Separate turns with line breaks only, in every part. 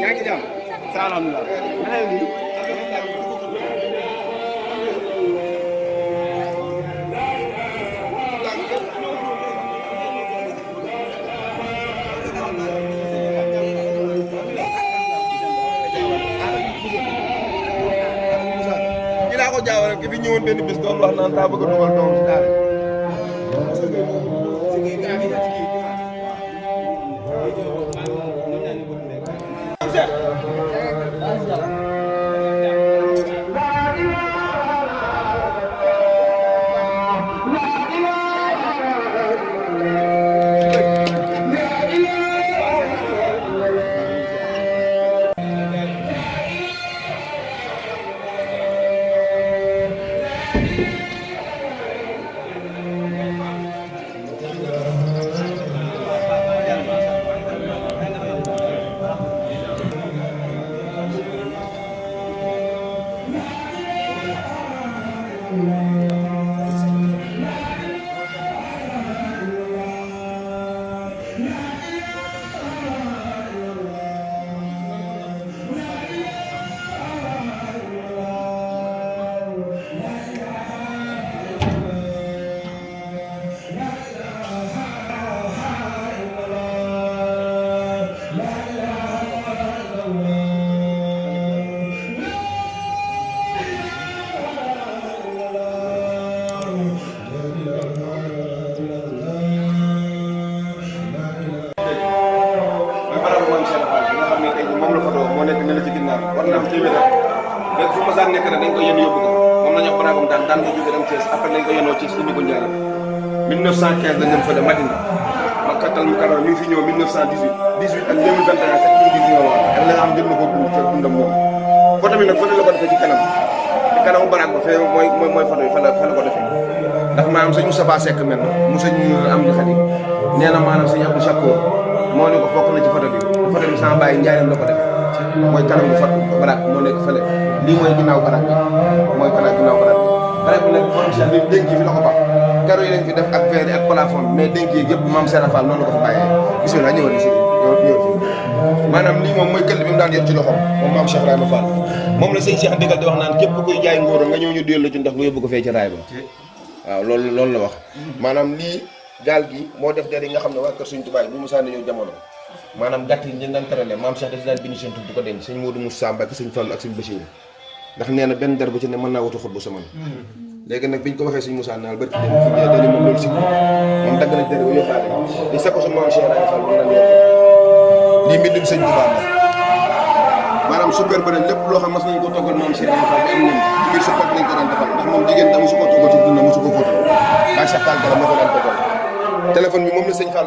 yaa ngi ci jàmm sa alhamdulilah jaawale ki fi ñëwoon benn bis doon wax naan daa bëgg a dugal doom ci daara 1915 la ñëw fële Madina Makkatal Mukarrama mi ngi fi ñëw 1918 18 ak 2021 ak 2019 waaw ak la nga xam jël na bi nag fële la ko defee ci kanam ci kanamu baraag ba fee mooy mooy mooy photo bi fa la fa la ko defee ndax maanaam sëñ Moustapha Seck mel na mu sëñ am di xati nee na maanaam sëñ Abdou Chakour moo ne ko na ci photo bi photo bi sama bàyyi njaareem ko defee mooy kanam bu fat moo nekk fële lii mooy ginnaaw baraag mooy kanam ginnaaw baraag pare bu nekk incha allah dénk yi fi la ko ko fa si ñëw ñëw fi maanaam lii moom mooy këll bi mu daan yor ci loxoom moom maam Cheikh Ibrahima Fall moom la sëñ Cheikh Ndigal di wax naan képp kuy jaay ngóoro nga ñëw ñu delloo loolu loolu la wax maanaam lii gaal gi moo def der yi nga xam ne waa kër suñ tubaay bi Moussa ñëw jamono maanaam gàtt yi ñu daan maam Cheikh daf daan bind seen tur di ko denc sëñ Modou Moussa Mbacke sëñ Fall ak sëñ Bachir ndax nee na benn der bu ci ne mën naa wutu xut bu saman
hmm.
léegi nag biñ ko waxee suñ Moussa naal barki dem fi dani moom loolu sikko moom bu yóbbaale di sakko su moom Cheikh Ibra Fall mën na nekk lii mbindum sëñ Tuubaa ne lépp loo xam mas nañu ko toggal moom Cheikh Ibra Fall am nañ ci biir support ko daan defal moom jigéen da mosu ko toggal ci dund mosu ko foto daa Cheikh ko daan toggal téléphone bi sëñ Fall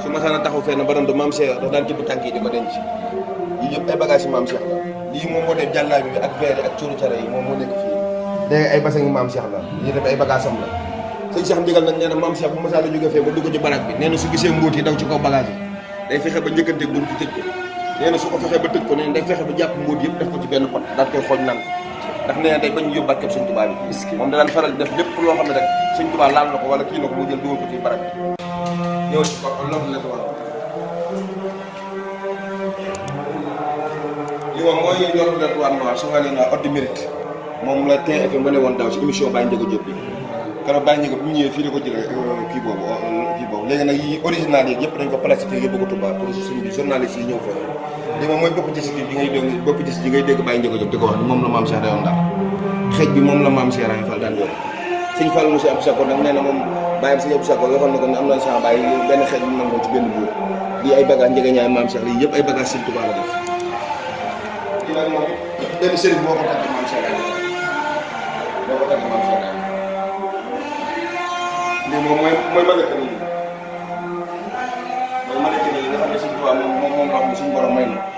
suma sana saana taxaw fenn ba doon mam Cheikh dañ ci bu tanki di ko denc yi yeb ay bagage mam Cheikh la lii mo moo def jàllaay bi ak verre ak cuuru tare yi mo mo nek fi de ay basang yi maam Cheikh la yi def ay bagage am la sëñ Cheikh digal nag nee mam Cheikh bu ma la jóge fe ba dugg ci barak bi neena su gisee mbóot yi daw ci ko bagage day fexé ba njëkkante bu ci tëj neena su ko fexé ba tëj ko neena day fexé ba japp mbóot yeb def ko ci benn pot da koy xol nan ndax neena day bañ yóbbaat képp seigne touba bi mom da lan faral def lepp lo xam rek seigne touba laal nako wala ki nako mo jël dugal ko ci barak ñëw ci kaw loolu la ko war li moom mooy loolu la ko war nee naa ordre mérite moom la TFM ma ne woon daaw si émission Baye Ndiago Diop bi mu ñëwee fii la ko jëlee euh, kii boobu euh, kii boobu léegi nag yi original yi yëpp dañ bi journaliste yi ñëw fa li moom mooy bopp gis bi ngay dégg bopp gis bi ngay dégg di ko wax moom la maam Cheikh dayoon daal xeej bi daan yor sëñ Fall mu si am sa ko nag nee na moom bayam seigne abdou sakor waxon nako am na sama baye ben xel mu nango ci ben bu di ay bagage njëgë ñaay maam cheikh li yëpp ay bagage seigne touba la def ben serigne boko tak maam cheikh boko tak maam cheikh Mau mom moy moy malaka ni moy mau ni nga xamne seigne touba borom may na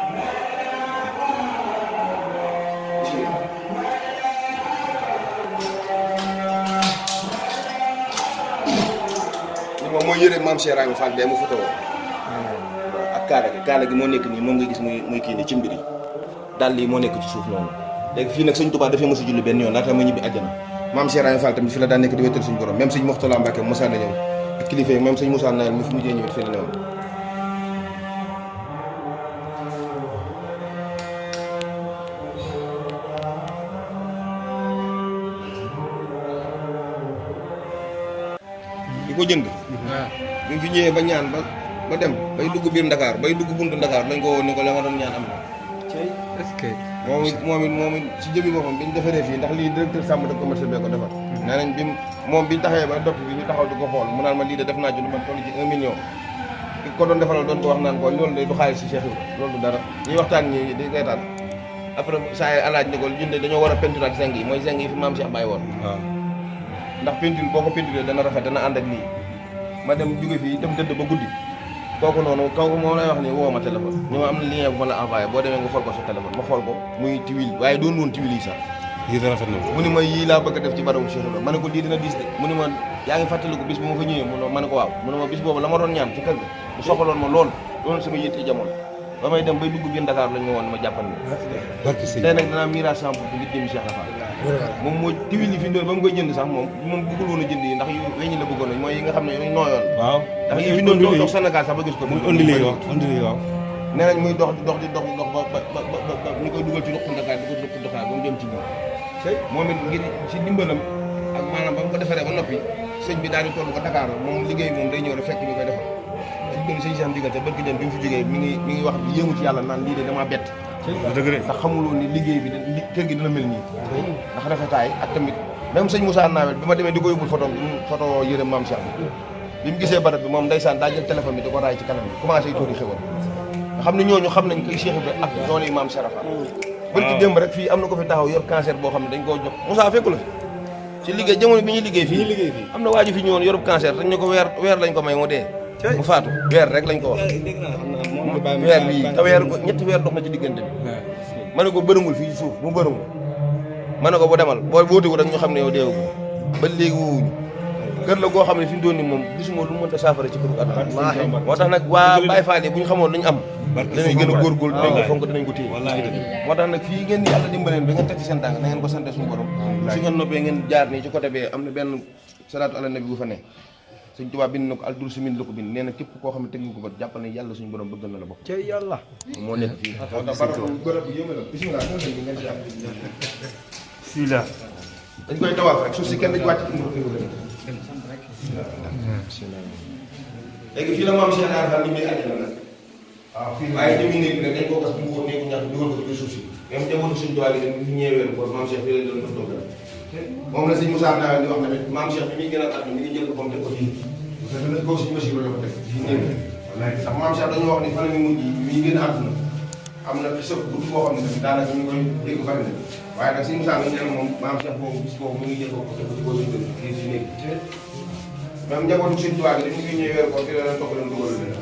yëre maam Cheikh Ibrahima Fall bee mu foto hmm. ak kaala gi moo nekk nii moom nga gis muy kii nii ci mbir yi dàll yi moo nekk ci suuf noonu léegi fii nag sëñ Tuubaa dafay mos a julli benn yoon laata ma ñibbi àjjana maam Cheikh Ibrahima Fall tamit fi la daan nekk di wéetal suñu borom même sëñ Moxtala Mbàkke Moussa na ñëw ak kilifa yi même sëñ Moussa Nayel mu fi mujjee ñëw fi la ñëwoon di ko jënd bi fi ñëwé ba ñaan ba ba dem bay dugg biir Dakar bay dugg buntu Dakar lañ ko woon ko la nga doon ñaan am cey est-ce que. momi it moom it jëmi bopam bi défé fi ndax li directeur sàmm de commerce bee ko defar. Mhm. nee nañ bi mom bi taxé ba dopp bi ñu taxaw du ko xol mu naan ma li de def na ju lu man tollu ci 1 million. ki ko doon defaral doon ko wax naan ko loolu de du xaalis ci Cheikh Ibrahima loolu du dara ñi waxtaan ñi di ngay reetaan après saa yi alaaj ne ko ñun de dañoo wara peinture ak zinc yi mooy zinc yi fi maam Cheikh bay woon. ndax peinture boko peinture dana rafet dana and ak ni ma dem jóge fii dem tëdd ba guddi kooku noonu kaw moom lay wax ni woo ma téléphone ni ma am na lien bu ma la envoyé boo demee nga xool ko sa téléphone ma xool ko muy tiwil na a def diis de mu ni ma yaa ngi fàttaliku bis bu ma fa ñëwee mu ne ma ne ko waaw mu ne ma bis boobu la ma doon ñaan ci kër ga bu soxaloon ma lool sama yitte jamono ba may dem bay dugg biir Dakar lañ ma ma jàppan ni tey miira samp bi ngir jëm Cheikh Rafa moom moo tiwil yi fi ba mu koy jënd sax moom moom bëggul woon a jënd yi ndax la bëggoon mooy yi nga xam ne yooyu nooyoon waaw ndax yi fi doon dox dox Sénégal sax ba gis ko muy indi lii waaw indi waaw nee muy dox di dox di dox di ba ba ba ba ba noppi sëñ bi daal di toll ko Dakar moom liggéey moom day ñëw rek fekk ñu koy defal ci gën sëñ Cheikh te barki dem bi mu fi jógee mi ngi mi ngi wax yëngu ci yàlla naan lii de dama bett dëgg la ndax xamuloo ni liggéey bi li kër gi dina mel nii. ndax rafetaay ak tamit même sëñ Moussa ma demee di ko yóbbul photo photo yërëm maam Cheikh bi gisee barab bi moom ndeysaan daa jël téléphone bi di ko ci commencé y tóori xewal nga ñooñu xam nañ koy Cheikh Ibrahima ak doole maam Serafa bër ci démb fii am na ko fi taxaw yor cancer boo xam ne dañ koo jox Moussa fekku la ci ñuy liggéey fii am na waaju fi ñëwoon yorub cancer dañ ñu ko weer weer ko may mu dee mu faatu weer rek lañ ko wax weer bii te weer ñetti weer dox na ci diggante bi ma ne ko bërëngul fii suuf mu bërëngul ma ne ko bu demal boo wóotewu rek ñu xam ne yow deewugu ba léegi woowuñu kër la goo xam ne fi mu doon ni moom gisuma lu mënta saafara ci kër Adama moo tax nag waa Baye Fall bu ñu xamoon luñu am danañ gën a góorgóorlu dinañ ko fonk dinañ ko téye moo tax nag fii ngeen yàlla dimbaleen ba ngeen teg ci seen tànk na ngeen ko sante suñu su ngeen noppee ngeen jaar nii ci côté am na benn salaatu ala nabi bu fa ne suñ tubaa bind na ko aldul si min la ko bind nee na képp koo xam ne teg nga ko bët jàpp ne yàlla suñu borom bëgg na la bopp ca yàlla moo nekk fii moo tax barab barab yëngal bismillah fii la si kenn dañ wàcc léegi fii la moom seen aar ni muy àjjana nag waaw ah, fii waaye demi néeg bi nag dañ koo gas bu mu wóor néegu ñàkk dugal ko ci suuf si même jamono suñu doole yi ñeewee ko moom fii la doon moom la sëñ Moussa Ndao di wax tamit maam Cheikh bi muy gën a at mi ngi jël ko boobu teg ko fii dëgg la koo suñu Bachir la ko teg fii néew wallaay ndax maam Cheikh dañoo wax ni fan mi mujj yi gën a àdduna am na xisab bu boo xam ne tamit daanaka ñu koy dégg bari na waaye nag sëñ Moussa mi nee na moom maam Cheikh boobu bis boobu mu ngi jël ko teg ko ci boobu fii si néeg même njabootu suñu tubaab yi dañu koy ñëwee ko fi la leen toog leen dugal leen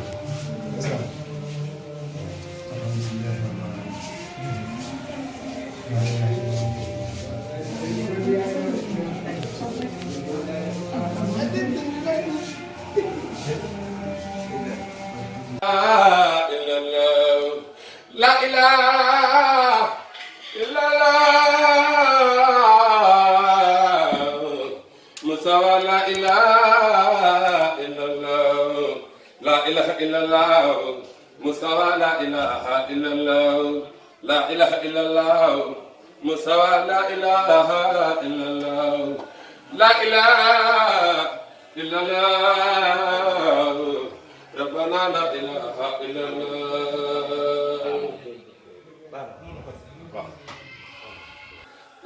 إله إلا الله موسى لا إله إلا الله لا إله إلا الله موسى لا إله إلا الله لا إله إلا الله موسى لا إله إلا الله لا إله إلا الله ربنا لا إله إلا الله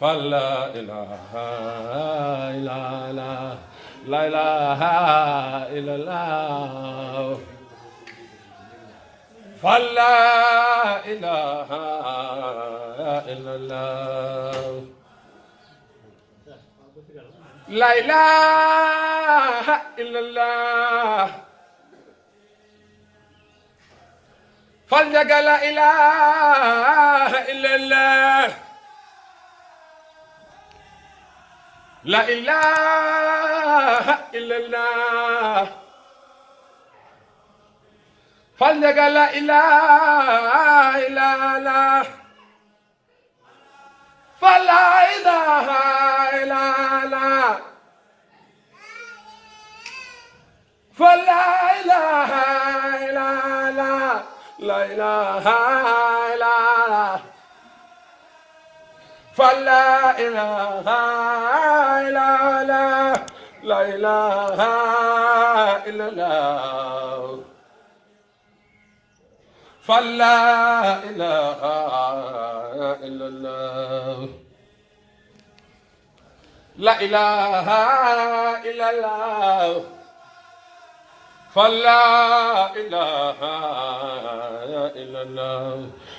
فلا إله إلا الله لا إله إلا الله فلا إله إلا الله لا إله إلا الله فلنقى لا إله إلا الله لا إله إلا الله فلنقى لا إله إلا الله فلا إله إلا الله فلا إله إلا الله لا إله فلا إله إلا لا لا إله إلا الله فلا إله إلا لا لا إله إلا الله فلا إله إلا الله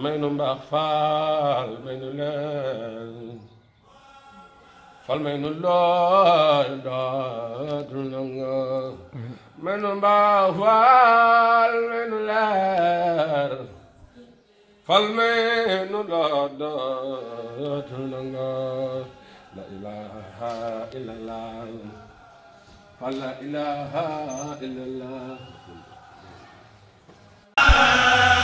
may nu mbaax la ilaha illallah